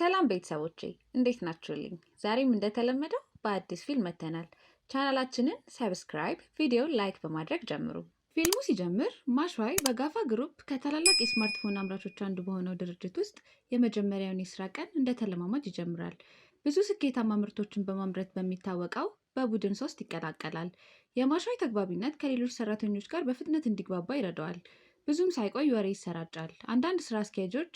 ሰላም ቤተሰቦቼ እንዴት ናችሁልኝ? ዛሬም እንደተለመደው በአዲስ ፊልም መተናል። ቻናላችንን ሰብስክራይብ፣ ቪዲዮ ላይክ በማድረግ ጀምሩ። ፊልሙ ሲጀምር ማሽዋይ በጋፋ ግሩፕ ከታላላቅ የስማርትፎን አምራቾች አንዱ በሆነው ድርጅት ውስጥ የመጀመሪያውን የስራ ቀን እንደተለማማጅ ይጀምራል። ብዙ ስኬታማ ምርቶችን በማምረት በሚታወቀው በቡድን ሶስት ይቀላቀላል። የማሽዋይ ተግባቢነት ከሌሎች ሰራተኞች ጋር በፍጥነት እንዲግባባ ይረዳዋል። ብዙም ሳይቆይ ወሬ ይሰራጫል። አንዳንድ ስራ አስኪያጆች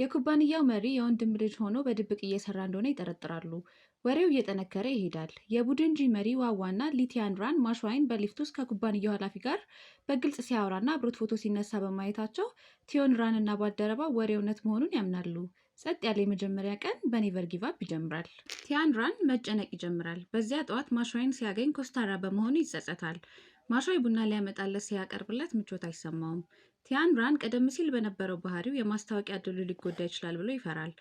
የኩባንያው መሪ የወንድም ልጅ ሆኖ በድብቅ እየሰራ እንደሆነ ይጠረጥራሉ። ወሬው እየጠነከረ ይሄዳል። የቡድንጂ መሪ ዋዋና ሊቲያንድራን ማሽዋይን በሊፍት ውስጥ ከኩባንያው ኃላፊ ጋር በግልጽ ሲያወራና አብሮት ፎቶ ሲነሳ በማየታቸው ቲዮንድራን እና ባልደረባ ወሬ እውነት መሆኑን ያምናሉ። ጸጥ ያለ የመጀመሪያ ቀን በኔቨር ጊቫፕ ይጀምራል። ቲያንድራን መጨነቅ ይጀምራል። በዚያ ጠዋት ማሽዋይን ሲያገኝ ኮስታራ በመሆኑ ይጸጸታል። ማሻይ ቡና ሊያመጣለት ሲያቀርብለት ምቾት አይሰማውም። ቲያንራን ቀደም ሲል በነበረው ባህሪው የማስታወቂያ ድሉ ሊጎዳ ይችላል ብሎ ይፈራል።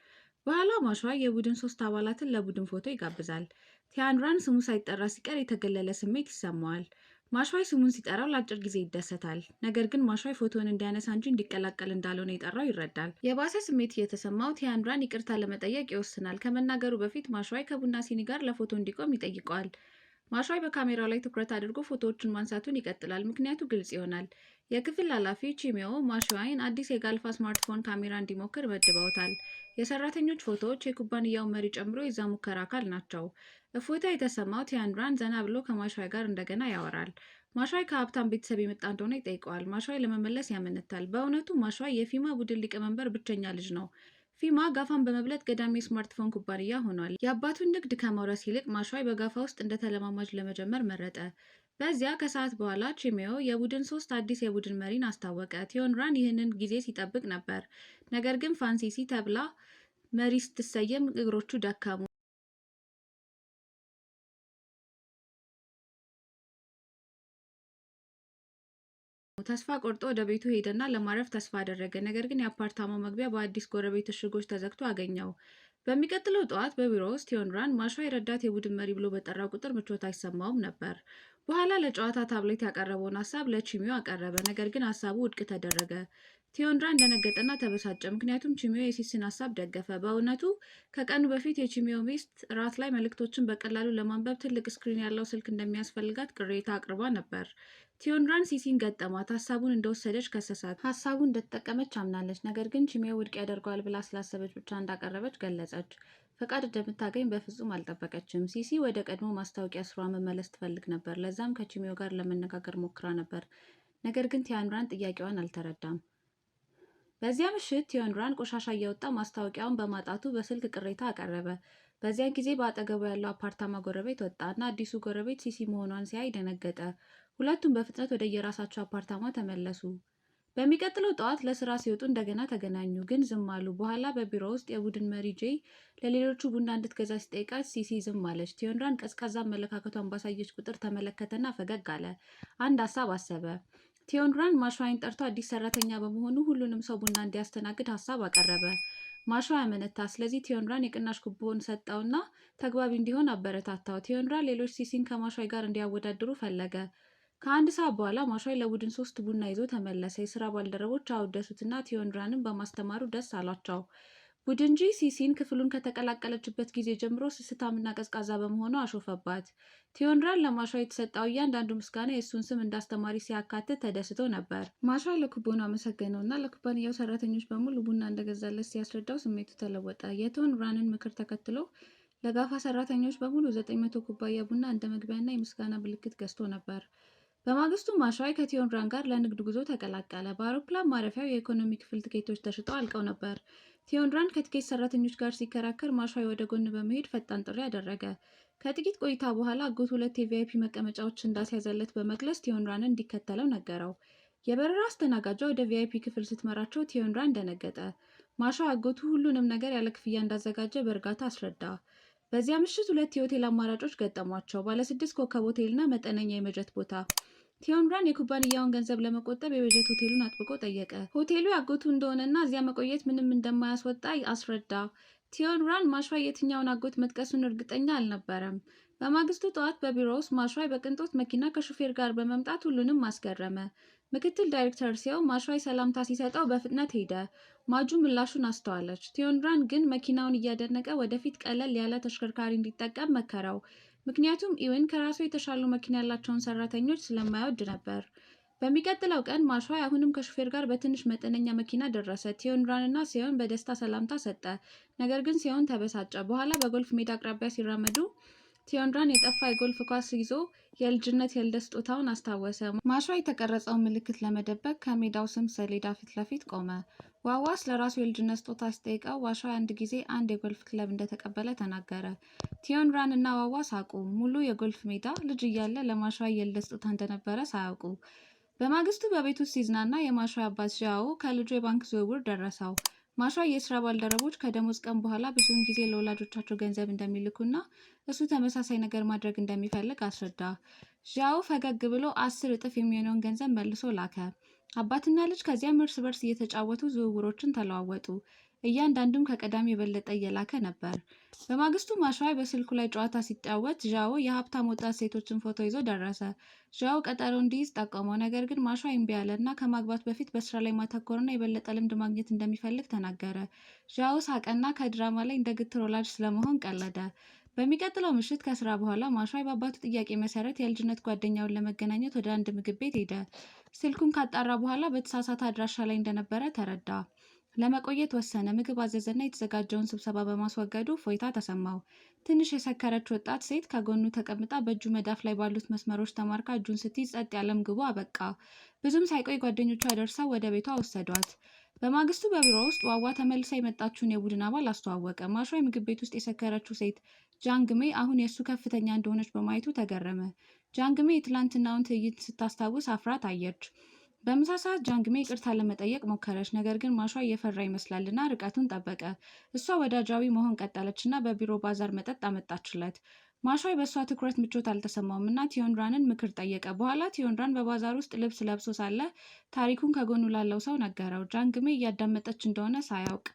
በኋላ ማሿ የቡድን ሶስት አባላትን ለቡድን ፎቶ ይጋብዛል። ቲያንራን ስሙ ሳይጠራ ሲቀር የተገለለ ስሜት ይሰማዋል። ማሿይ ስሙን ሲጠራው ለአጭር ጊዜ ይደሰታል። ነገር ግን ማሿይ ፎቶን እንዲያነሳ እንጂ እንዲቀላቀል እንዳልሆነ የጠራው ይረዳል። የባሰ ስሜት እየተሰማው ቲያንድራን ይቅርታ ለመጠየቅ ይወስናል። ከመናገሩ በፊት ማሿይ ከቡና ሲኒ ጋር ለፎቶ እንዲቆም ይጠይቀዋል። ማሻይ በካሜራው ላይ ትኩረት አድርጎ ፎቶዎችን ማንሳቱን ይቀጥላል፣ ምክንያቱ ግልጽ ይሆናል። የክፍል ኃላፊ ቺሚዮ ማሻይን አዲስ የጋልፋ ስማርትፎን ካሜራ እንዲሞክር መድበውታል። የሰራተኞች ፎቶዎች የኩባንያው መሪ ጨምሮ የዛ ሙከራ አካል ናቸው። እፎይታ የተሰማው ቲያንድራን ዘና ብሎ ከማሻይ ጋር እንደገና ያወራል። ማሻይ ከሀብታም ቤተሰብ የመጣ እንደሆነ ይጠይቀዋል። ማሻይ ለመመለስ ያመነታል። በእውነቱ ማሻይ የፊማ ቡድን ሊቀመንበር ብቸኛ ልጅ ነው። ፊማ ጋፋን በመብለጥ ገዳሚ ስማርትፎን ኩባንያ ሆኗል። የአባቱን ንግድ ከመውረስ ይልቅ ማሸዋይ በጋፋ ውስጥ እንደ ተለማማጅ ለመጀመር መረጠ። በዚያ ከሰዓት በኋላ ቺሜዮ የቡድን ሶስት አዲስ የቡድን መሪን አስታወቀ። ቲዮንራን ይህንን ጊዜ ሲጠብቅ ነበር። ነገር ግን ፋንሲሲ ተብላ መሪ ስትሰየም እግሮቹ ደከሙ። ተስፋ ቆርጦ ወደ ቤቱ ሄደና ለማረፍ ተስፋ አደረገ። ነገር ግን የአፓርታማው መግቢያ በአዲስ ጎረቤት እሽጎች ተዘግቶ አገኘው። በሚቀጥለው ጠዋት በቢሮ ውስጥ ቴዎንራን ማሿ የረዳት የቡድን መሪ ብሎ በጠራው ቁጥር ምቾት አይሰማውም ነበር። በኋላ ለጨዋታ ታብሌት ያቀረበውን ሀሳብ ለቺሚዮ አቀረበ። ነገር ግን ሀሳቡ ውድቅ ተደረገ። ቴዎንራን ደነገጠና ተበሳጨ። ምክንያቱም ቺሚዮ የሲስን ሀሳብ ደገፈ። በእውነቱ ከቀኑ በፊት የቺሚዮ ሚስት ራት ላይ መልእክቶችን በቀላሉ ለማንበብ ትልቅ ስክሪን ያለው ስልክ እንደሚያስፈልጋት ቅሬታ አቅርባ ነበር። ቲዮንድራን ሲሲን ገጠማት። ሀሳቡን እንደወሰደች ከሰሳት። ሀሳቡ እንደተጠቀመች አምናለች። ነገር ግን ቺሜ ውድቅ ያደርገዋል ብላ ስላሰበች ብቻ እንዳቀረበች ገለጸች። ፈቃድ እንደምታገኝ በፍጹም አልጠበቀችም። ሲሲ ወደ ቀድሞ ማስታወቂያ ስሯ መመለስ ትፈልግ ነበር። ለዛም ከቺሜው ጋር ለመነጋገር ሞክራ ነበር። ነገር ግን ቲዮንድራን ጥያቄዋን አልተረዳም። በዚያ ምሽት ቲዮንድራን ቆሻሻ እያወጣ ማስታወቂያውን በማጣቱ በስልክ ቅሬታ አቀረበ። በዚያን ጊዜ በአጠገቡ ያለው አፓርታማ ጎረቤት ወጣ እና አዲሱ ጎረቤት ሲሲ መሆኗን ሲያይ ደነገጠ። ሁለቱም በፍጥነት ወደ የራሳቸው አፓርታማ ተመለሱ። በሚቀጥለው ጠዋት ለስራ ሲወጡ እንደገና ተገናኙ፣ ግን ዝም አሉ። በኋላ በቢሮ ውስጥ የቡድን መሪ ጄይ ለሌሎቹ ቡና እንድትገዛ ሲጠይቃት ሲሲ ዝም አለች። ቲዮንራን ቀዝቃዛ አመለካከቷን ባሳየች ቁጥር ተመለከተና ፈገግ አለ። አንድ ሀሳብ አሰበ። ቲዮንድራን ማሸዋይን ጠርቶ አዲስ ሰራተኛ በመሆኑ ሁሉንም ሰው ቡና እንዲያስተናግድ ሀሳብ አቀረበ። ማሸዋ ያመነታ። ስለዚህ ቲዮንድራን የቅናሽ ኩቦን ሰጠውና ተግባቢ እንዲሆን አበረታታው። ቲዮንራ ሌሎች ሲሲን ከማሸዋይ ጋር እንዲያወዳድሩ ፈለገ። ከአንድ ሰዓት በኋላ ማሻይ ለቡድን ሶስት ቡና ይዞ ተመለሰ። የስራ ባልደረቦች አወደሱትና ቲዮንድራንን በማስተማሩ ደስ አላቸው። ቡድንጂ ሲሲን ክፍሉን ከተቀላቀለችበት ጊዜ ጀምሮ ስስታምና ቀዝቃዛ በመሆኑ አሾፈባት። ቲዮንድራን ለማሻይ የተሰጠው እያንዳንዱ ምስጋና የእሱን ስም እንዳስተማሪ ሲያካትት ተደስቶ ነበር። ማሻ ለኩቦን አመሰገነው እና ለኩባንያው ሰራተኞች በሙሉ ቡና እንደገዛለት ሲያስረዳው ስሜቱ ተለወጠ። የቲዮንድራንን ምክር ተከትሎ ለጋፋ ሰራተኞች በሙሉ ዘጠኝ መቶ ኩባያ ቡና እንደ መግቢያና የምስጋና ምልክት ገዝቶ ነበር። በማግስቱ ማሻይ ከቲዮንራን ጋር ለንግድ ጉዞ ተቀላቀለ። በአውሮፕላን ማረፊያው የኢኮኖሚ ክፍል ትኬቶች ተሽጠው አልቀው ነበር። ቲዮንራን ከትኬት ሰራተኞች ጋር ሲከራከር ማሻይ ወደ ጎን በመሄድ ፈጣን ጥሪ አደረገ። ከጥቂት ቆይታ በኋላ አጎት ሁለት የቪአይፒ መቀመጫዎች እንዳስያዘለት በመግለጽ ቲዮንራን እንዲከተለው ነገረው። የበረራ አስተናጋጇ ወደ ቪአይፒ ክፍል ስትመራቸው ቲዮንራን ደነገጠ። ማሻ አጎቱ ሁሉንም ነገር ያለ ክፍያ እንዳዘጋጀ በእርጋታ አስረዳ። በዚያ ምሽት ሁለት የሆቴል አማራጮች ገጠሟቸው፤ ባለስድስት ኮከብ ሆቴልና መጠነኛ የመጀት ቦታ። ቲዮንራን የኩባንያውን ገንዘብ ለመቆጠብ የበጀት ሆቴሉን አጥብቆ ጠየቀ። ሆቴሉ ያጎቱ እንደሆነና እዚያ መቆየት ምንም እንደማያስወጣ አስረዳ። ቲዮንራን ማሿይ የትኛውን አጎት መጥቀሱን እርግጠኛ አልነበረም። በማግስቱ ጠዋት በቢሮ ውስጥ ማሽራይ በቅንጦት መኪና ከሹፌር ጋር በመምጣት ሁሉንም አስገረመ። ምክትል ዳይሬክተር ሲያው ማሽራይ ሰላምታ ሲሰጠው በፍጥነት ሄደ። ማጁ ምላሹን አስተዋለች። ቲዮንራን ግን መኪናውን እያደነቀ ወደፊት ቀለል ያለ ተሽከርካሪ እንዲጠቀም መከረው። ምክንያቱም ኢዌን ከራሱ የተሻሉ መኪና ያላቸውን ሰራተኞች ስለማይወድ ነበር። በሚቀጥለው ቀን ማርሻ አሁንም ከሹፌር ጋር በትንሽ መጠነኛ መኪና ደረሰ። ቲዮንራንና ሲዮን በደስታ ሰላምታ ሰጠ። ነገር ግን ሲሆን ተበሳጨ። በኋላ በጎልፍ ሜዳ አቅራቢያ ሲራመዱ ቲዮንድራን የጠፋ የጎልፍ ኳስ ይዞ የልጅነት የልደት ስጦታውን አስታወሰ። ማሿ የተቀረጸውን ምልክት ለመደበቅ ከሜዳው ስም ሰሌዳ ፊት ለፊት ቆመ። ዋዋ ለራሱ የልጅነት ስጦታ ሲጠይቀው ዋሿ አንድ ጊዜ አንድ የጎልፍ ክለብ እንደተቀበለ ተናገረ። ቲዮንድራን እና ዋዋ ሳቁ። ሙሉ የጎልፍ ሜዳ ልጅ እያለ ለማሿ የልደት ስጦታ እንደነበረ ሳያውቁ በማግስቱ በቤት ውስጥ ሲዝናና የማሿ አባት ዣዎ ከልጁ የባንክ ዝውውር ደረሰው። ማሻ የስራ ባልደረቦች ከደሞዝ ቀን በኋላ ብዙውን ጊዜ ለወላጆቻቸው ገንዘብ እንደሚልኩና እሱ ተመሳሳይ ነገር ማድረግ እንደሚፈልግ አስረዳ። ዣው ፈገግ ብሎ አስር እጥፍ የሚሆነውን ገንዘብ መልሶ ላከ። አባትና ልጅ ከዚያም እርስ በርስ እየተጫወቱ ዝውውሮችን ተለዋወጡ። እያንዳንዱም ከቀዳሚ የበለጠ እየላከ ነበር። በማግስቱ ማሸዋይ በስልኩ ላይ ጨዋታ ሲጫወት ዣው የሀብታም ወጣት ሴቶችን ፎቶ ይዞ ደረሰ። ዣው ቀጠሮ እንዲይዝ ጠቆመው፣ ነገር ግን ማሸዋይ እምቢ አለ እና ከማግባት በፊት በስራ ላይ ማተኮርና የበለጠ ልምድ ማግኘት እንደሚፈልግ ተናገረ። ዣኦ ሳቀና ከድራማ ላይ እንደ ግትር ወላጅ ስለመሆን ቀለደ። በሚቀጥለው ምሽት ከስራ በኋላ ማሻይ በአባቱ ጥያቄ መሰረት የልጅነት ጓደኛውን ለመገናኘት ወደ አንድ ምግብ ቤት ሄደ። ስልኩን ካጣራ በኋላ በተሳሳተ አድራሻ ላይ እንደነበረ ተረዳ። ለመቆየት ወሰነ። ምግብ አዘዘና የተዘጋጀውን ስብሰባ በማስወገዱ ፎይታ ተሰማው። ትንሽ የሰከረች ወጣት ሴት ከጎኑ ተቀምጣ በእጁ መዳፍ ላይ ባሉት መስመሮች ተማርካ እጁን ስትይዝ ጸጥ ያለ ምግቡ አበቃ። ብዙም ሳይቆይ ጓደኞቿ ደርሰው ወደ ቤቷ ወሰዷት። በማግስቱ በቢሮ ውስጥ ዋዋ ተመልሳ የመጣችውን የቡድን አባል አስተዋወቀ። ማሿ የምግብ ቤት ውስጥ የሰከረችው ሴት ጃንግሜ አሁን የእሱ ከፍተኛ እንደሆነች በማየቱ ተገረመ። ጃንግሜ የትላንትናውን ትዕይንት ስታስታውስ አፍራ ታየች። በምሳ ሰዓት ጃንግሜ ይቅርታ ለመጠየቅ ሞከረች። ነገር ግን ማሿ እየፈራ ይመስላልና ርቀቱን ጠበቀ። እሷ ወዳጃዊ መሆን ቀጠለችና በቢሮ ባዛር መጠጥ አመጣችለት። ማሿ በእሷ ትኩረት ምቾት አልተሰማውም እና ቲዮንድራንን ምክር ጠየቀ። በኋላ ቲዮንድራን በባዛር ውስጥ ልብስ ለብሶ ሳለ ታሪኩን ከጎኑ ላለው ሰው ነገረው። ጃንግሜ እያዳመጠች እንደሆነ ሳያውቅ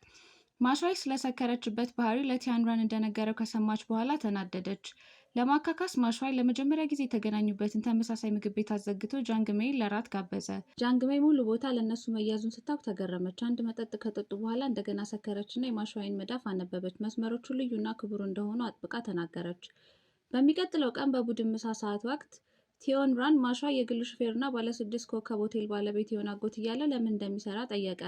ማሿይ ስለሰከረችበት ባህሪ ለቲያንድራን እንደነገረው ከሰማች በኋላ ተናደደች። ለማካካስ ማሸዋይ ለመጀመሪያ ጊዜ የተገናኙበትን ተመሳሳይ ምግብ ቤት አዘግቶ ጃንግሜይ ለራት ጋበዘ። ጃንግሜይ ሙሉ ቦታ ለእነሱ መያዙን ስታውቅ ተገረመች። አንድ መጠጥ ከጠጡ በኋላ እንደገና ሰከረችና የማሸዋይን መዳፍ አነበበች። መስመሮቹ ልዩና ክቡር እንደሆኑ አጥብቃ ተናገረች። በሚቀጥለው ቀን በቡድን ምሳ ሰዓት ወቅት ቲዮን ራን ማሿ የግል ሹፌርና ባለስድስት ኮከብ ሆቴል ባለቤት የሆነ አጎት እያለ ለምን እንደሚሰራ ጠየቀ።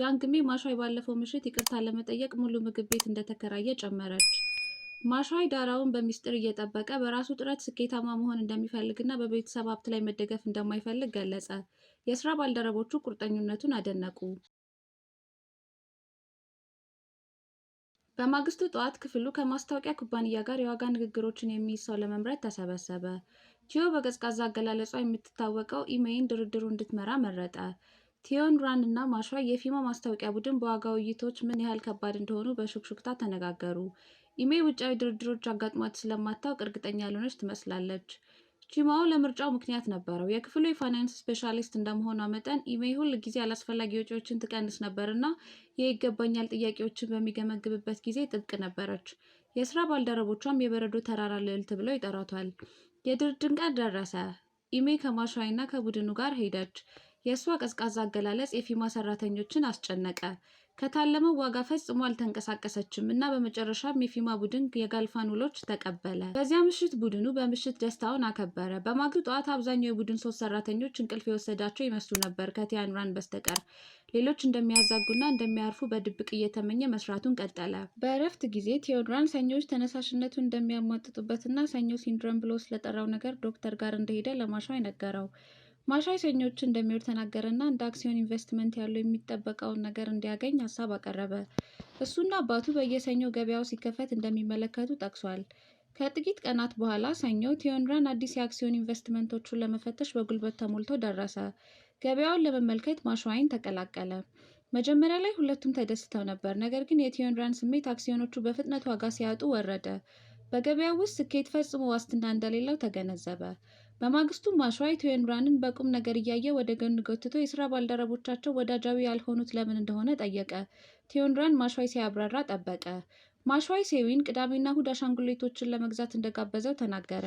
ጃንግሜ ማሿ ባለፈው ምሽት ይቅርታ ለመጠየቅ ሙሉ ምግብ ቤት እንደተከራየ ጨመረች። ማሻይ ዳራውን በሚስጥር እየጠበቀ በራሱ ጥረት ስኬታማ መሆን እንደሚፈልግና በቤተሰብ ሀብት ላይ መደገፍ እንደማይፈልግ ገለጸ። የስራ ባልደረቦቹ ቁርጠኝነቱን አደነቁ። በማግስቱ ጠዋት ክፍሉ ከማስታወቂያ ኩባንያ ጋር የዋጋ ንግግሮችን የሚይዝ ሰው ለመምረጥ ተሰበሰበ። ቲዮ በቀዝቃዛ አገላለጿ የምትታወቀው ኢሜይን ድርድሩ እንድትመራ መረጠ። ቲዮን ራን እና ማሿ የፊማ ማስታወቂያ ቡድን በዋጋ ውይይቶች ምን ያህል ከባድ እንደሆኑ በሹክሹክታ ተነጋገሩ። ኢሜ ውጫዊ ድርድሮች አጋጥሟት ስለማታውቅ እርግጠኛ ያልሆነች ትመስላለች። ቺማው ለምርጫው ምክንያት ነበረው። የክፍሉ የፋይናንስ ስፔሻሊስት እንደመሆኗ መጠን ኢሜ ሁል ጊዜ አላስፈላጊ ወጪዎችን ትቀንስ ነበር ና የይገባኛል ጥያቄዎችን በሚገመግብበት ጊዜ ጥብቅ ነበረች። የስራ ባልደረቦቿም የበረዶ ተራራ ልዕልት ብለው ይጠራቷል። የድርድር ቀን ደረሰ። ኢሜ ከማሻይና ከቡድኑ ጋር ሄደች። የእሷ ቀዝቃዛ አገላለጽ የፊማ ሰራተኞችን አስጨነቀ። ከታለመው ዋጋ ፈጽሞ አልተንቀሳቀሰችም እና በመጨረሻ የፊማ ቡድን የጋልፋን ውሎች ተቀበለ። በዚያ ምሽት ቡድኑ በምሽት ደስታውን አከበረ። በማግስቱ ጠዋት አብዛኛው የቡድን ሶስት ሰራተኞች እንቅልፍ የወሰዳቸው ይመስሉ ነበር ከቲያንራን በስተቀር። ሌሎች እንደሚያዛጉና እንደሚያርፉ በድብቅ እየተመኘ መስራቱን ቀጠለ። በእረፍት ጊዜ ቴዎድራን ሰኞች ተነሳሽነቱን እንደሚያሟጥጡበትና ሰኞ ሲንድረም ብሎ ስለጠራው ነገር ዶክተር ጋር እንደሄደ ለማሻ ነገረው። ሰኞች እንደሚወድ ተናገረና እንደ አክሲዮን ኢንቨስትመንት ያለው የሚጠበቀውን ነገር እንዲያገኝ ሀሳብ አቀረበ። እሱና አባቱ በየሰኞ ገበያው ሲከፈት እንደሚመለከቱ ጠቅሷል። ከጥቂት ቀናት በኋላ ሰኞ ቴዮንራን አዲስ የአክሲዮን ኢንቨስትመንቶቹን ለመፈተሽ በጉልበት ተሞልቶ ደረሰ። ገበያውን ለመመልከት ማሸዋይን ተቀላቀለ። መጀመሪያ ላይ ሁለቱም ተደስተው ነበር። ነገር ግን የቴዮንራን ስሜት አክሲዮኖቹ በፍጥነት ዋጋ ሲያጡ ወረደ። በገበያው ውስጥ ስኬት ፈጽሞ ዋስትና እንደሌለው ተገነዘበ። በማግስቱ ማሸዋይ ቴዎንራንን በቁም ነገር እያየ ወደ ገን ገትቶ የስራ ባልደረቦቻቸው ወዳጃዊ ያልሆኑት ለምን እንደሆነ ጠየቀ። ቴዎንራን ማሸዋይ ሲያብራራ ጠበቀ። ማሸዋይ ሴዊን ቅዳሜና እሁድ አሻንጉሊቶችን ለመግዛት እንደጋበዘው ተናገረ።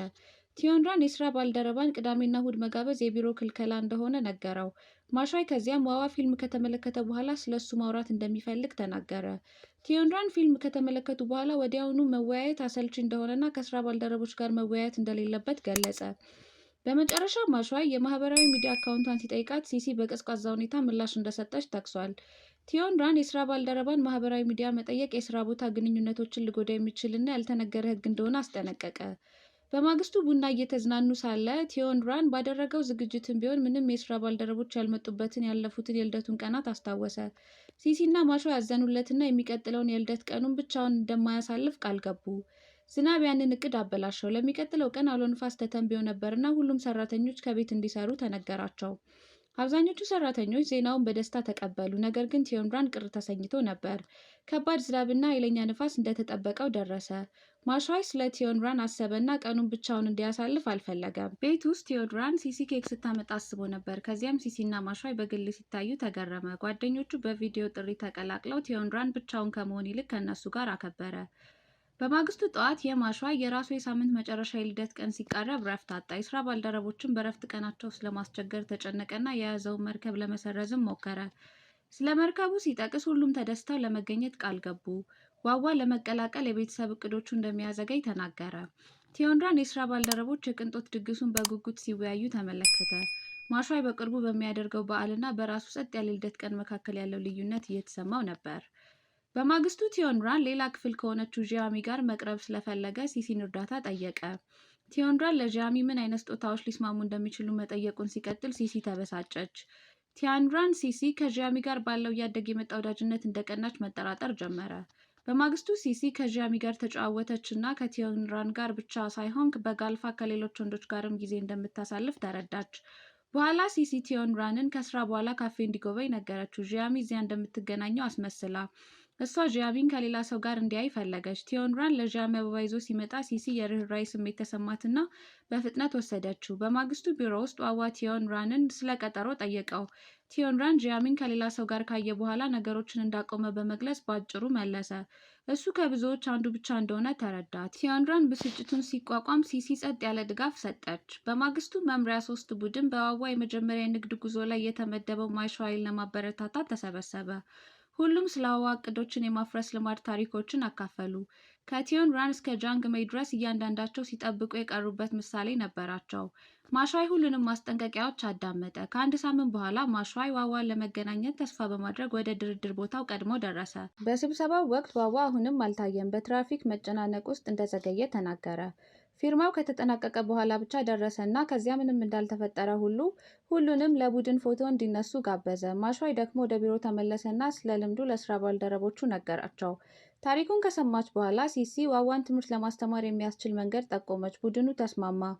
ቲዮንራን የስራ ባልደረባን ቅዳሜና እሁድ መጋበዝ የቢሮ ክልከላ እንደሆነ ነገረው። ማሸዋይ ከዚያም ዋዋ ፊልም ከተመለከተ በኋላ ስለ እሱ ማውራት እንደሚፈልግ ተናገረ። ቲዮንራን ፊልም ከተመለከቱ በኋላ ወዲያውኑ መወያየት አሰልቺ እንደሆነና ከስራ ባልደረቦች ጋር መወያየት እንደሌለበት ገለጸ። በመጨረሻ ማሸዋ የማህበራዊ ሚዲያ አካውንቷን ሲጠይቃት ሲሲ በቀዝቃዛ ሁኔታ ምላሽ እንደሰጠች ጠቅሷል። ራን የስራ ባልደረባን ማህበራዊ ሚዲያ መጠየቅ የስራ ቦታ ግንኙነቶችን ሊጎዳ የሚችልና ያልተነገረ ህግ እንደሆነ አስጠነቀቀ። በማግስቱ ቡና እየተዝናኑ ሳለ ራን ባደረገው ዝግጅትም ቢሆን ምንም የስራ ባልደረቦች ያልመጡበትን ያለፉትን የልደቱን ቀናት አስታወሰ። ሲሲና ማሾ ያዘኑለትና የሚቀጥለውን የልደት ቀኑን ብቻውን እንደማያሳልፍ ቃል ገቡ። ዝናብ ያንን እቅድ አበላሸው። ለሚቀጥለው ቀን አውሎ ንፋስ ተተንብዮ ነበርና ሁሉም ሰራተኞች ከቤት እንዲሰሩ ተነገራቸው። አብዛኞቹ ሰራተኞች ዜናውን በደስታ ተቀበሉ። ነገር ግን ቴዮንድራን ቅር ተሰኝቶ ነበር። ከባድ ዝናብና ኃይለኛ ንፋስ እንደተጠበቀው ደረሰ። ማሻይ ስለ ቲዮንራን አሰበና ቀኑን ብቻውን እንዲያሳልፍ አልፈለገም። ቤት ውስጥ ቲዮንራን ሲሲ ኬክ ስታመጣ አስቦ ነበር። ከዚያም ሲሲና ማሻይ በግል ሲታዩ ተገረመ። ጓደኞቹ በቪዲዮ ጥሪ ተቀላቅለው ቴዮንድራን ብቻውን ከመሆን ይልቅ ከእነሱ ጋር አከበረ። በማግስቱ ጠዋት የማሿ የራሱ የሳምንት መጨረሻ የልደት ቀን ሲቃረብ ረፍት አጣ። የስራ ባልደረቦችን በረፍት ቀናቸው ስለማስቸገር ተጨነቀና የያዘውን መርከብ ለመሰረዝም ሞከረ። ስለ መርከቡ ሲጠቅስ ሁሉም ተደስተው ለመገኘት ቃል ገቡ። ዋዋ ለመቀላቀል የቤተሰብ እቅዶቹ እንደሚያዘገይ ተናገረ። ቴዮንድራን የስራ ባልደረቦች የቅንጦት ድግሱን በጉጉት ሲወያዩ ተመለከተ። ማሿ በቅርቡ በሚያደርገው በዓልና በራሱ ጸጥ ያለ ልደት ቀን መካከል ያለው ልዩነት እየተሰማው ነበር። በማግስቱ ቲዮንድራን ሌላ ክፍል ከሆነችው ዣሚ ጋር መቅረብ ስለፈለገ ሲሲን እርዳታ ጠየቀ። ቲዮንድራን ለዣሚ ምን አይነት ስጦታዎች ሊስማሙ እንደሚችሉ መጠየቁን ሲቀጥል ሲሲ ተበሳጨች። ቲያንድራን ሲሲ ከዣሚ ጋር ባለው እያደገ የመጣ ወዳጅነት እንደቀናች መጠራጠር ጀመረ። በማግስቱ ሲሲ ከዣሚ ጋር ተጫወተች እና ከቲዮንድራን ጋር ብቻ ሳይሆን በጋልፋ ከሌሎች ወንዶች ጋርም ጊዜ እንደምታሳልፍ ተረዳች። በኋላ ሲሲ ቲዮንድራንን ከስራ በኋላ ካፌ እንዲጎበኝ ነገረችው። ዣሚ እዚያ እንደምትገናኘው አስመስላ እሷ ዣቪን ከሌላ ሰው ጋር እንዲያይ ፈለገች። ቲዮንድራን ለዣ አበባ ይዞ ሲመጣ ሲሲ የርኅራይ ስሜት ተሰማትና በፍጥነት ወሰደችው። በማግስቱ ቢሮ ውስጥ ዋዋ ቲዮንራንን ስለ ቀጠሮ ጠየቀው። ቲዮንድራን ዣሚን ከሌላ ሰው ጋር ካየ በኋላ ነገሮችን እንዳቆመ በመግለጽ በአጭሩ መለሰ። እሱ ከብዙዎች አንዱ ብቻ እንደሆነ ተረዳ። ቲዮንራን ብስጭቱን ሲቋቋም ሲሲ ጸጥ ያለ ድጋፍ ሰጠች። በማግስቱ መምሪያ ሶስት ቡድን በዋዋ የመጀመሪያ የንግድ ጉዞ ላይ የተመደበው ማይሻይል ለማበረታታት ተሰበሰበ። ሁሉም ስለ አበባ እቅዶችን የማፍረስ ልማድ ታሪኮችን አካፈሉ። ከቲዮን ራን እስከ ጃንግ ሜይ ድረስ እያንዳንዳቸው ሲጠብቁ የቀሩበት ምሳሌ ነበራቸው። ማሸዋይ ሁሉንም ማስጠንቀቂያዎች አዳመጠ። ከአንድ ሳምንት በኋላ ማሸዋይ ዋዋን ለመገናኘት ተስፋ በማድረግ ወደ ድርድር ቦታው ቀድሞ ደረሰ። በስብሰባው ወቅት ዋዋ አሁንም አልታየም። በትራፊክ መጨናነቅ ውስጥ እንደዘገየ ተናገረ። ፊርማው ከተጠናቀቀ በኋላ ብቻ ደረሰ እና ከዚያ ምንም እንዳልተፈጠረ ሁሉ ሁሉንም ለቡድን ፎቶ እንዲነሱ ጋበዘ። ማሿይ ደግሞ ወደ ቢሮ እና ስለ ልምዱ ለስራ ባልደረቦቹ ነገራቸው። ታሪኩን ከሰማች በኋላ ሲሲ ዋዋን ትምህርት ለማስተማር የሚያስችል መንገድ ጠቆመች። ቡድኑ ተስማማ።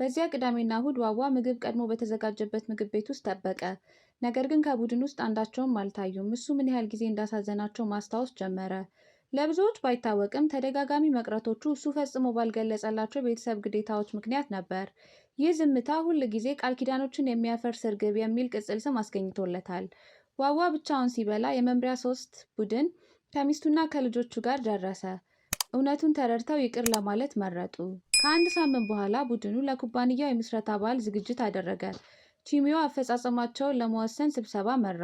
በዚያ ቅዳሜና እሁድ ዋዋ ምግብ ቀድሞ በተዘጋጀበት ምግብ ቤት ውስጥ ጠበቀ። ነገር ግን ከቡድን ውስጥ አንዳቸውም አልታዩም። እሱ ምን ያህል ጊዜ እንዳሳዘናቸው ማስታወስ ጀመረ። ለብዙዎች ባይታወቅም ተደጋጋሚ መቅረቶቹ እሱ ፈጽሞ ባልገለጸላቸው ቤተሰብ ግዴታዎች ምክንያት ነበር። ይህ ዝምታ ሁል ጊዜ ቃል ኪዳኖችን የሚያፈርስ እርግብ የሚል ቅጽል ስም አስገኝቶለታል። ዋዋ ብቻውን ሲበላ የመምሪያ ሶስት ቡድን ከሚስቱና ከልጆቹ ጋር ደረሰ። እውነቱን ተረድተው ይቅር ለማለት መረጡ። ከአንድ ሳምንት በኋላ ቡድኑ ለኩባንያው የምስረታ በዓል ዝግጅት አደረገ። ቺሚዮ አፈጻጸማቸውን ለመወሰን ስብሰባ መራ።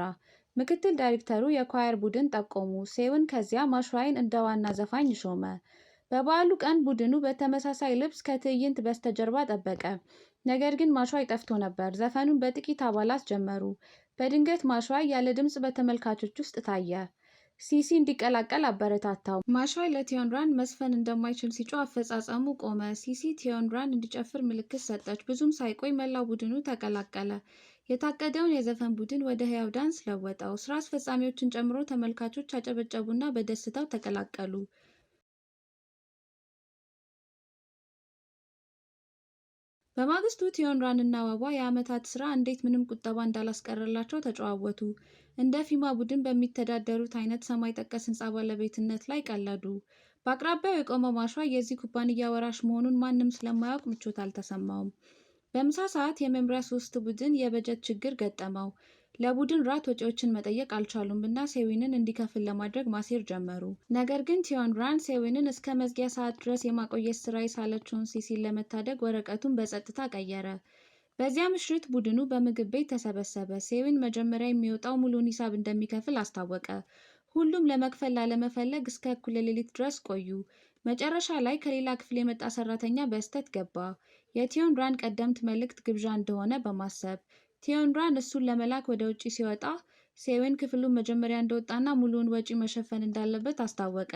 ምክትል ዳይሬክተሩ የኳየር ቡድን ጠቆሙ። ሴውን ከዚያ ማሽራይን እንደ ዋና ዘፋኝ ሾመ። በበዓሉ ቀን ቡድኑ በተመሳሳይ ልብስ ከትዕይንት በስተጀርባ ጠበቀ። ነገር ግን ማሽራይ ጠፍቶ ነበር። ዘፈኑን በጥቂት አባላት ጀመሩ። በድንገት ማሽራይ ያለ ድምፅ በተመልካቾች ውስጥ ታየ። ሲሲ እንዲቀላቀል አበረታታው። ማሽራይ ለቲዮንራን መስፈን እንደማይችል ሲጮ አፈጻጸሙ ቆመ። ሲሲ ቲዮንራን እንዲጨፍር ምልክት ሰጠች። ብዙም ሳይቆይ መላው ቡድኑ ተቀላቀለ። የታቀደውን የዘፈን ቡድን ወደ ህያው ዳንስ ለወጠው። ስራ አስፈጻሚዎችን ጨምሮ ተመልካቾች አጨበጨቡና በደስታው ተቀላቀሉ። በማግስቱ ራን እና ዋቧ የአመታት ስራ እንዴት ምንም ቁጠባ እንዳላስቀረላቸው ተጨዋወቱ። እንደ ፊማ ቡድን በሚተዳደሩት አይነት ሰማይ ጠቀስ ህንፃ ባለቤትነት ላይ ቀለዱ። በአቅራቢያው የቆመው ማሿ የዚህ ኩባንያ ወራሽ መሆኑን ማንም ስለማያውቅ ምቾት አልተሰማውም። በምሳ ሰዓት የመምሪያ ሶስት ቡድን የበጀት ችግር ገጠመው። ለቡድን ራት ወጪዎችን መጠየቅ አልቻሉም እና ሴዊንን እንዲከፍል ለማድረግ ማሴር ጀመሩ። ነገር ግን ራን ሴዊንን እስከ መዝጊያ ሰዓት ድረስ የማቆየት ስራ የሳለችውን ሲሲል ለመታደግ ወረቀቱን በጸጥታ ቀየረ። በዚያ ምሽት ቡድኑ በምግብ ቤት ተሰበሰበ። ሴዊን መጀመሪያ የሚወጣው ሙሉውን ሂሳብ እንደሚከፍል አስታወቀ። ሁሉም ለመክፈል ላለመፈለግ እስከ እኩለ ሌሊት ድረስ ቆዩ። መጨረሻ ላይ ከሌላ ክፍል የመጣ ሰራተኛ በስተት ገባ። የቲዮንድራን ቀደምት መልእክት ግብዣ እንደሆነ በማሰብ ቲዮንድራን እሱን ለመላክ ወደ ውጭ ሲወጣ ሴዌን ክፍሉን መጀመሪያ እንደወጣና ሙሉውን ወጪ መሸፈን እንዳለበት አስታወቀ።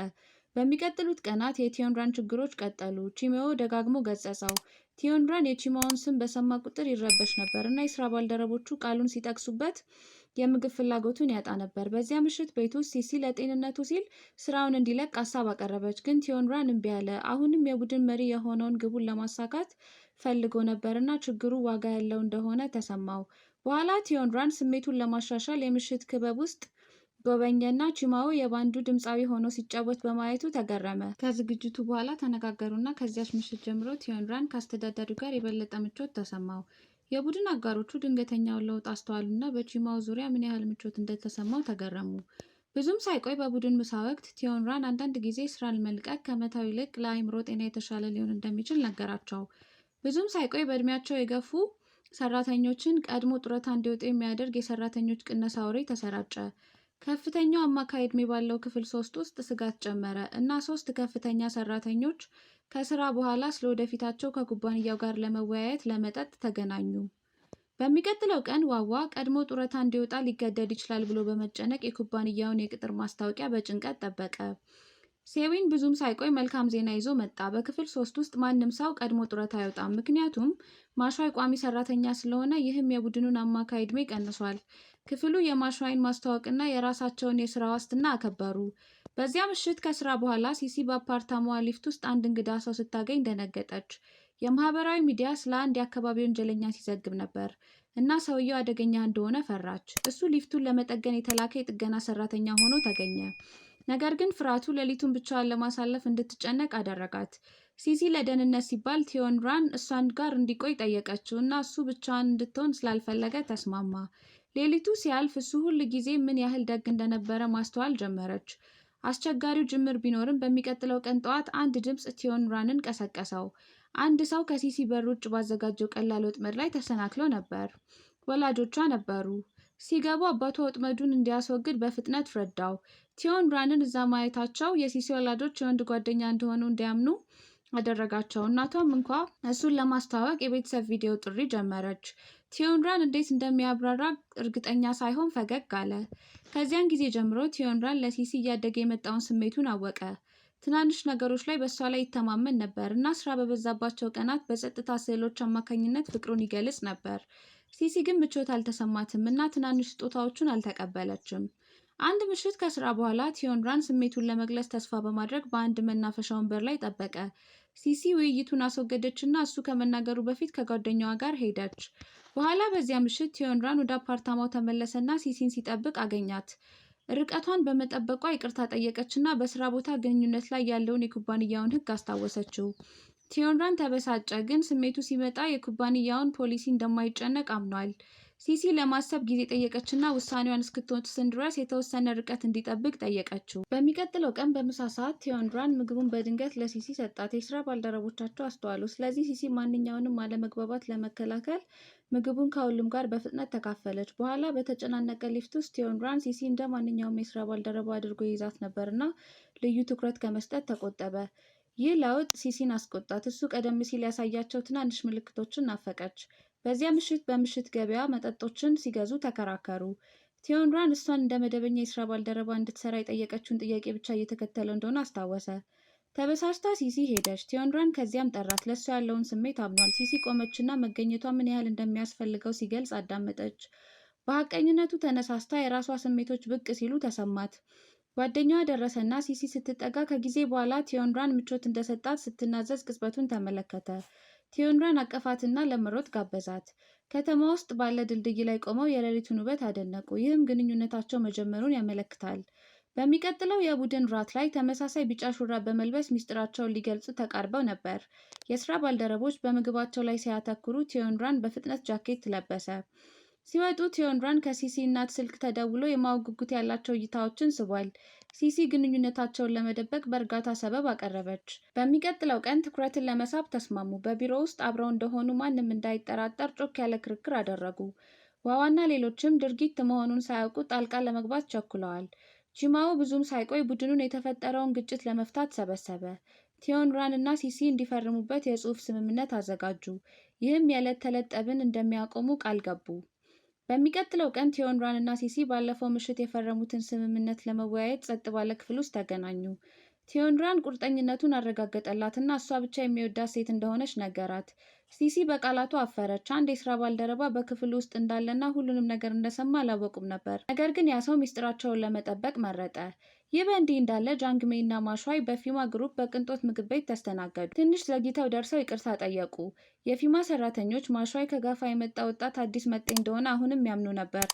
በሚቀጥሉት ቀናት የቲዮንድራን ችግሮች ቀጠሉ። ቺሜዎ ደጋግሞ ገጸጸው። ቲዮንድራን የቺማውን ስም በሰማ ቁጥር ይረበሽ ነበር እና የስራ ባልደረቦቹ ቃሉን ሲጠቅሱበት የምግብ ፍላጎቱን ያጣ ነበር። በዚያ ምሽት ቤት ውስጥ ሲሲ ለጤንነቱ ሲል ስራውን እንዲለቅ ሀሳብ አቀረበች፣ ግን ቲዮንድራን እምቢ አለ። አሁንም የቡድን መሪ የሆነውን ግቡን ለማሳካት ፈልጎ ነበርና ችግሩ ዋጋ ያለው እንደሆነ ተሰማው። በኋላ ቲዮንራን ስሜቱን ለማሻሻል የምሽት ክበብ ውስጥ ጎበኘና ቺማዎ የባንዱ ድምፃዊ ሆኖ ሲጫወት በማየቱ ተገረመ። ከዝግጅቱ በኋላ ተነጋገሩና ከዚያች ምሽት ጀምሮ ቲዮንራን ከአስተዳዳሪው ጋር የበለጠ ምቾት ተሰማው። የቡድን አጋሮቹ ድንገተኛውን ለውጥ አስተዋሉና በቺማዎ ዙሪያ ምን ያህል ምቾት እንደተሰማው ተገረሙ። ብዙም ሳይቆይ በቡድን ምሳ ወቅት ቲዮንራን አንዳንድ ጊዜ ስራን መልቀቅ ከመተው ይልቅ ለአይምሮ ጤና የተሻለ ሊሆን እንደሚችል ነገራቸው። ብዙም ሳይቆይ በእድሜያቸው የገፉ ሰራተኞችን ቀድሞ ጡረታ እንዲወጡ የሚያደርግ የሰራተኞች ቅነሳ ወሬ ተሰራጨ። ከፍተኛው አማካይ እድሜ ባለው ክፍል ሶስት ውስጥ ስጋት ጨመረ እና ሶስት ከፍተኛ ሰራተኞች ከስራ በኋላ ስለ ወደፊታቸው ከኩባንያው ጋር ለመወያየት ለመጠጥ ተገናኙ። በሚቀጥለው ቀን ዋዋ ቀድሞ ጡረታ እንዲወጣ ሊገደድ ይችላል ብሎ በመጨነቅ የኩባንያውን የቅጥር ማስታወቂያ በጭንቀት ጠበቀ። ሴዊን ብዙም ሳይቆይ መልካም ዜና ይዞ መጣ። በክፍል ሶስት ውስጥ ማንም ሰው ቀድሞ ጡረታ አይወጣም፣ ምክንያቱም ማሿይ ቋሚ ሰራተኛ ስለሆነ፣ ይህም የቡድኑን አማካይ ዕድሜ ቀንሷል። ክፍሉ የማሿይን ማስተዋወቅና የራሳቸውን የስራ ዋስትና አከበሩ። በዚያ ምሽት ከስራ በኋላ ሲሲ በአፓርታማዋ ሊፍት ውስጥ አንድ እንግዳ ሰው ስታገኝ ደነገጠች። የማህበራዊ ሚዲያ ስለ አንድ የአካባቢ ወንጀለኛ ሲዘግብ ነበር እና ሰውየው አደገኛ እንደሆነ ፈራች። እሱ ሊፍቱን ለመጠገን የተላከ የጥገና ሰራተኛ ሆኖ ተገኘ። ነገር ግን ፍርሃቱ ሌሊቱን ብቻዋን ለማሳለፍ እንድትጨነቅ አደረጋት። ሲሲ ለደህንነት ሲባል ቲዮንራን እሷን ጋር እንዲቆይ ጠየቀችው እና እሱ ብቻዋን እንድትሆን ስላልፈለገ ተስማማ። ሌሊቱ ሲያልፍ እሱ ሁል ጊዜ ምን ያህል ደግ እንደነበረ ማስተዋል ጀመረች። አስቸጋሪው ጅምር ቢኖርም በሚቀጥለው ቀን ጠዋት አንድ ድምፅ ቲዮንራንን ቀሰቀሰው። አንድ ሰው ከሲሲ በር ውጭ ባዘጋጀው ቀላል ወጥመድ ላይ ተሰናክሎ ነበር። ወላጆቿ ነበሩ። ሲገቡ አባቷ ወጥመዱን እንዲያስወግድ በፍጥነት ረዳው። ቲዮን ብራንን እዛ ማየታቸው የሲሲ ወላጆች የወንድ ጓደኛ እንደሆኑ እንዲያምኑ አደረጋቸው። እናቷም እንኳ እሱን ለማስተዋወቅ የቤተሰብ ቪዲዮ ጥሪ ጀመረች። ቲዮንድራን እንዴት እንደሚያብራራ እርግጠኛ ሳይሆን ፈገግ አለ። ከዚያን ጊዜ ጀምሮ ቲዮንድራን ለሲሲ እያደገ የመጣውን ስሜቱን አወቀ። ትናንሽ ነገሮች ላይ በእሷ ላይ ይተማመን ነበር እና ስራ በበዛባቸው ቀናት በጸጥታ ስዕሎች አማካኝነት ፍቅሩን ይገልጽ ነበር። ሲሲ ግን ምቾት አልተሰማትም እና ትናንሽ ስጦታዎቹን አልተቀበለችም። አንድ ምሽት ከስራ በኋላ ቲዮንድራን ስሜቱን ለመግለጽ ተስፋ በማድረግ በአንድ መናፈሻ ወንበር ላይ ጠበቀ። ሲሲ ውይይቱን አስወገደችና እሱ ከመናገሩ በፊት ከጓደኛዋ ጋር ሄደች። በኋላ በዚያ ምሽት ቲዮንድራን ወደ አፓርታማው ተመለሰና ሲሲን ሲጠብቅ አገኛት። ርቀቷን በመጠበቋ ይቅርታ ጠየቀችና በስራ ቦታ ግንኙነት ላይ ያለውን የኩባንያውን ሕግ አስታወሰችው። ቲዮንድራን ተበሳጨ፣ ግን ስሜቱ ሲመጣ የኩባንያውን ፖሊሲ እንደማይጨነቅ አምኗል። ሲሲ ለማሰብ ጊዜ ጠየቀችና ውሳኔዋን እስክትወስን ድረስ የተወሰነ ርቀት እንዲጠብቅ ጠየቀችው። በሚቀጥለው ቀን በምሳ ሰዓት ቴዮንድራን ምግቡን በድንገት ለሲሲ ሰጣት። የስራ ባልደረቦቻቸው አስተዋሉ። ስለዚህ ሲሲ ማንኛውንም አለመግባባት ለመከላከል ምግቡን ከሁሉም ጋር በፍጥነት ተካፈለች። በኋላ በተጨናነቀ ሊፍት ውስጥ ቴዮንድራን ሲሲ እንደ ማንኛውም የስራ ባልደረባ አድርጎ ይይዛት ነበርና ልዩ ትኩረት ከመስጠት ተቆጠበ። ይህ ለውጥ ሲሲን አስቆጣት። እሱ ቀደም ሲል ያሳያቸው ትናንሽ ምልክቶችን ናፈቀች። በዚያ ምሽት በምሽት ገበያ መጠጦችን ሲገዙ ተከራከሩ። ቲዮንራን እሷን እንደ መደበኛ የስራ ባልደረባ እንድትሰራ የጠየቀችውን ጥያቄ ብቻ እየተከተለው እንደሆነ አስታወሰ። ተበሳጭታ ሲሲ ሄደች። ቲዮንራን ከዚያም ጠራት። ለእሷ ያለውን ስሜት አምኗል። ሲሲ ቆመችና መገኘቷ ምን ያህል እንደሚያስፈልገው ሲገልጽ አዳመጠች። በሐቀኝነቱ ተነሳስታ የራሷ ስሜቶች ብቅ ሲሉ ተሰማት። ጓደኛዋ ደረሰና ሲሲ ስትጠጋ ከጊዜ በኋላ ቲዮንራን ምቾት እንደሰጣት ስትናዘዝ ቅጽበቱን ተመለከተ። ቴዎንራን አቀፋትና ለመሮጥ ጋበዛት። ከተማ ውስጥ ባለ ድልድይ ላይ ቆመው የሌሊቱን ውበት አደነቁ። ይህም ግንኙነታቸው መጀመሩን ያመለክታል። በሚቀጥለው የቡድን ራት ላይ ተመሳሳይ ቢጫ ሹራብ በመልበስ ምስጢራቸውን ሊገልጹ ተቃርበው ነበር። የስራ ባልደረቦች በምግባቸው ላይ ሲያተኩሩ ቴዎንራን በፍጥነት ጃኬት ለበሰ። ሲወጡ ቴዎንራን ከሲሲ እናት ስልክ ተደውሎ የማወቅ ጉጉት ያላቸው እይታዎችን ስቧል። ሲሲ ግንኙነታቸውን ለመደበቅ በእርጋታ ሰበብ አቀረበች። በሚቀጥለው ቀን ትኩረትን ለመሳብ ተስማሙ። በቢሮ ውስጥ አብረው እንደሆኑ ማንም እንዳይጠራጠር ጮክ ያለ ክርክር አደረጉ። ዋዋና ሌሎችም ድርጊት መሆኑን ሳያውቁ ጣልቃ ለመግባት ቸኩለዋል። ጂማው ብዙም ሳይቆይ ቡድኑን የተፈጠረውን ግጭት ለመፍታት ሰበሰበ። ራን እና ሲሲ እንዲፈርሙበት የጽሑፍ ስምምነት አዘጋጁ። ይህም የዕለት ተዕለት ጠብን እንደሚያቆሙ ቃል ገቡ። በሚቀጥለው ቀን ቴዎንራን እና ሲሲ ባለፈው ምሽት የፈረሙትን ስምምነት ለመወያየት ጸጥ ባለ ክፍል ውስጥ ተገናኙ። ቴዮንድራን ቁርጠኝነቱን አረጋገጠላት እና እሷ ብቻ የሚወዳት ሴት እንደሆነች ነገራት። ሲሲ በቃላቱ አፈረች። አንድ የስራ ባልደረባ በክፍል ውስጥ እንዳለና ሁሉንም ነገር እንደሰማ አላወቁም ነበር። ነገር ግን ያ ሰው ሚስጥራቸውን ለመጠበቅ መረጠ። ይህ በእንዲህ እንዳለ ጃንግሜ እና ማሸዋይ በፊማ ግሩፕ በቅንጦት ምግብ ቤት ተስተናገዱ። ትንሽ ዘግይተው ደርሰው ይቅርታ ጠየቁ። የፊማ ሰራተኞች ማሸዋይ ከጋፋ የመጣ ወጣት አዲስ መጤ እንደሆነ አሁንም ያምኑ ነበር።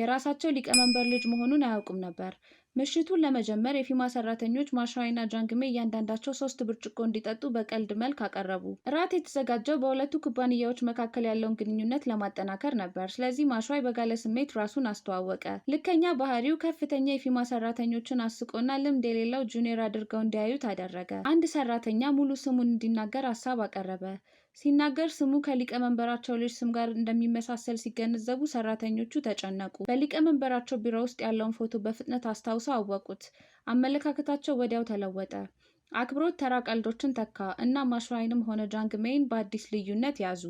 የራሳቸው ሊቀመንበር ልጅ መሆኑን አያውቁም ነበር። ምሽቱን ለመጀመር የፊማ ሰራተኞች ማሸዋይና ጃንግሜ እያንዳንዳቸው ሶስት ብርጭቆ እንዲጠጡ በቀልድ መልክ አቀረቡ። እራት የተዘጋጀው በሁለቱ ኩባንያዎች መካከል ያለውን ግንኙነት ለማጠናከር ነበር። ስለዚህ ማሻይ በጋለ ስሜት ራሱን አስተዋወቀ። ልከኛ ባህሪው ከፍተኛ የፊማ ሰራተኞችን አስቆና ልምድ የሌለው ጁኒየር አድርገው እንዲያዩት አደረገ። አንድ ሰራተኛ ሙሉ ስሙን እንዲናገር ሀሳብ አቀረበ። ሲናገር ስሙ ከሊቀመንበራቸው ልጅ ስም ጋር እንደሚመሳሰል ሲገነዘቡ ሰራተኞቹ ተጨነቁ። በሊቀመንበራቸው ቢሮ ውስጥ ያለውን ፎቶ በፍጥነት አስታውሰው አወቁት። አመለካከታቸው ወዲያው ተለወጠ። አክብሮት ተራ ቀልዶችን ተካ እና ማሽዋይንም ሆነ ጃንግሜይን በአዲስ ልዩነት ያዙ።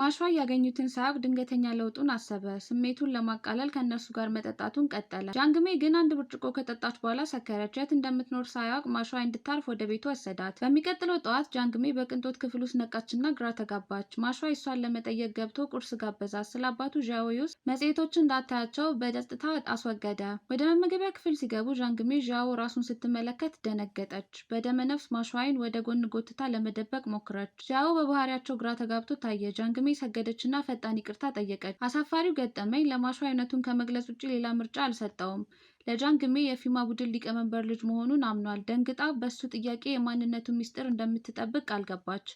ማሽዋይ ያገኙትን ሳያውቅ ድንገተኛ ለውጡን አሰበ። ስሜቱን ለማቃለል ከእነርሱ ጋር መጠጣቱን ቀጠለ። ጃንግሜይ ግን አንድ ብርጭቆ ከጠጣች በኋላ ሰከረች። የት እንደምትኖር ሳያውቅ ማሽዋይ እንድታርፍ ወደ ቤቱ ወሰዳት። በሚቀጥለው ጠዋት ጃንግሜይ በቅንጦት ክፍል ውስጥ ነቃችና ግራ ተጋባች። ማሽዋይ እሷን ለመጠየቅ ገብቶ ቁርስ ጋበዛት። ስለ አባቱ ዣዎዩስ መጽሔቶችን እንዳታያቸው በደስታ አስወገደ። ወደ መመገቢያ ክፍል ሲገቡ ጃንግሜይ ዣዎ ራሱን ስትመለከት ደነገጠች። በደመ ነፍስ ማሸዋይን ወደ ጎን ጎትታ ለመደበቅ ሞክራች። ዣኦ በባህሪያቸው ግራ ተጋብቶ ታየ። ጃንግሜ ሰገደችና ፈጣን ይቅርታ ጠየቀች። አሳፋሪው ገጠመኝ ለማሸዋይነቱን ከመግለጽ ውጭ ሌላ ምርጫ አልሰጠውም። ለጃንግሜ የፊማ ቡድን ሊቀመንበር ልጅ መሆኑን አምኗል። ደንግጣ በሱ ጥያቄ የማንነቱን ሚስጥር እንደምትጠብቅ አልገባች።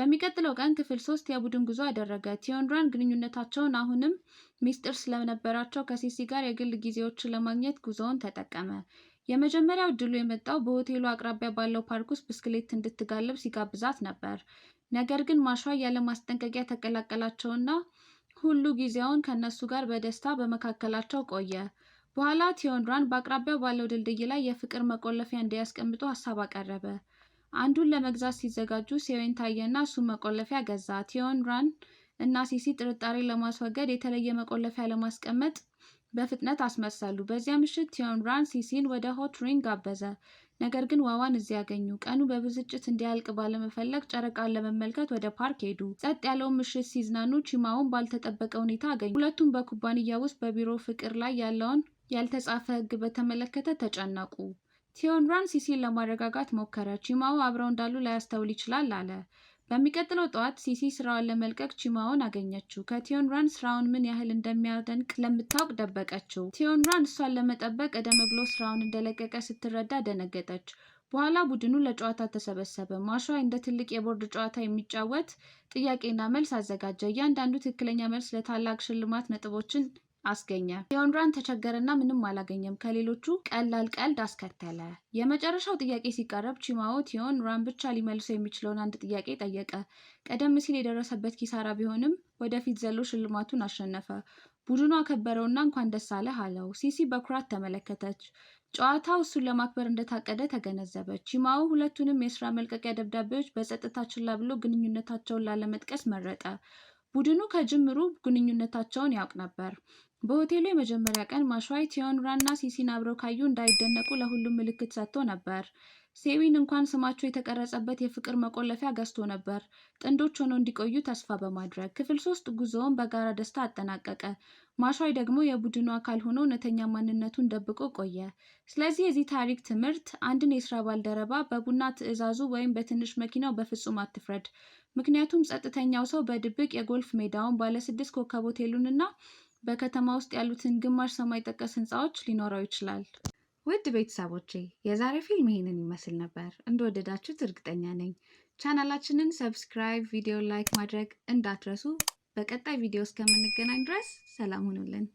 በሚቀጥለው ቀን ክፍል ሶስት የቡድን ጉዞ አደረገ። ቲዮንድራን ግንኙነታቸውን አሁንም ሚስጥር ስለነበራቸው ከሲሲ ጋር የግል ጊዜዎችን ለማግኘት ጉዞውን ተጠቀመ። የመጀመሪያው እድሉ የመጣው በሆቴሉ አቅራቢያ ባለው ፓርክ ውስጥ ብስክሌት እንድትጋልብ ሲጋብዛት ነበር። ነገር ግን ማሿ ያለ ማስጠንቀቂያ ተቀላቀላቸውና ሁሉ ጊዜያውን ከእነሱ ጋር በደስታ በመካከላቸው ቆየ። በኋላ ቲዮንድራን በአቅራቢያው ባለው ድልድይ ላይ የፍቅር መቆለፊያ እንዲያስቀምጡ ሀሳብ አቀረበ። አንዱን ለመግዛት ሲዘጋጁ ሴዌን ታየና እሱ መቆለፊያ ገዛ። ቲዮንድራን እና ሲሲ ጥርጣሬ ለማስወገድ የተለየ መቆለፊያ ለማስቀመጥ በፍጥነት አስመሰሉ። በዚያ ምሽት ቲዮንራን ሲሲን ወደ ሆት ሪንግ ጋበዘ። ነገር ግን ዋዋን እዚያ ያገኙ። ቀኑ በብስጭት እንዲያልቅ ባለመፈለግ ጨረቃን ለመመልከት ወደ ፓርክ ሄዱ። ጸጥ ያለውን ምሽት ሲዝናኑ ቺማውን ባልተጠበቀ ሁኔታ አገኙ። ሁለቱም በኩባንያ ውስጥ በቢሮ ፍቅር ላይ ያለውን ያልተጻፈ ሕግ በተመለከተ ተጨነቁ። ቲዮንራን ሲሲን ለማረጋጋት ሞከረ። ቺማው አብረው እንዳሉ ላያስተውል ይችላል አለ። በሚቀጥለው ጠዋት ሲሲ ስራዋን ለመልቀቅ ቺማውን አገኘችው። ከቲዮንራን ስራውን ምን ያህል እንደሚያደንቅ ለምታውቅ ደበቀችው። ራን እሷን ለመጠበቅ ቀደም ብሎ ስራውን እንደለቀቀ ስትረዳ ደነገጠች። በኋላ ቡድኑ ለጨዋታ ተሰበሰበ። ማሸዋይ እንደ ትልቅ የቦርድ ጨዋታ የሚጫወት ጥያቄና መልስ አዘጋጀ። እያንዳንዱ ትክክለኛ መልስ ለታላቅ ሽልማት ነጥቦችን አስገኘ። ሊዮንድራን ተቸገረና ምንም አላገኘም። ከሌሎቹ ቀላል ቀልድ አስከተለ። የመጨረሻው ጥያቄ ሲቀረብ ቺማኦ ቲዮንድራን ብቻ ሊመልሰው የሚችለውን አንድ ጥያቄ ጠየቀ። ቀደም ሲል የደረሰበት ኪሳራ ቢሆንም ወደፊት ዘሎ ሽልማቱን አሸነፈ። ቡድኑ አከበረውና እንኳን ደስ አለህ አለው። ሲሲ በኩራት ተመለከተች። ጨዋታው እሱን ለማክበር እንደታቀደ ተገነዘበች። ቺማው ሁለቱንም የስራ መልቀቂያ ደብዳቤዎች በጸጥታ ችላ ብሎ ግንኙነታቸውን ላለመጥቀስ መረጠ። ቡድኑ ከጅምሩ ግንኙነታቸውን ያውቅ ነበር። በሆቴሉ የመጀመሪያ ቀን ማሸዋይ ቲዮንራና ሲሲን አብረው ካዩ እንዳይደነቁ ለሁሉም ምልክት ሰጥቶ ነበር። ሴዊን እንኳን ስማቸው የተቀረጸበት የፍቅር መቆለፊያ ገዝቶ ነበር፣ ጥንዶች ሆነው እንዲቆዩ ተስፋ በማድረግ። ክፍል ሶስት ጉዞውን በጋራ ደስታ አጠናቀቀ። ማሸዋይ ደግሞ የቡድኑ አካል ሆኖ እውነተኛ ማንነቱን ደብቆ ቆየ። ስለዚህ የዚህ ታሪክ ትምህርት አንድን የስራ ባልደረባ በቡና ትዕዛዙ ወይም በትንሽ መኪናው በፍጹም አትፍረድ። ምክንያቱም ጸጥተኛው ሰው በድብቅ የጎልፍ ሜዳውን ባለስድስት ኮከብ ሆቴሉንና በከተማ ውስጥ ያሉትን ግማሽ ሰማይ ጠቀስ ህንፃዎች ሊኖረው ይችላል። ውድ ቤተሰቦቼ የዛሬ ፊልም ይህንን ይመስል ነበር። እንደወደዳችሁት እርግጠኛ ነኝ። ቻናላችንን ሰብስክራይብ፣ ቪዲዮ ላይክ ማድረግ እንዳትረሱ። በቀጣይ ቪዲዮ እስከምንገናኝ ድረስ ሰላም ሁኑልን።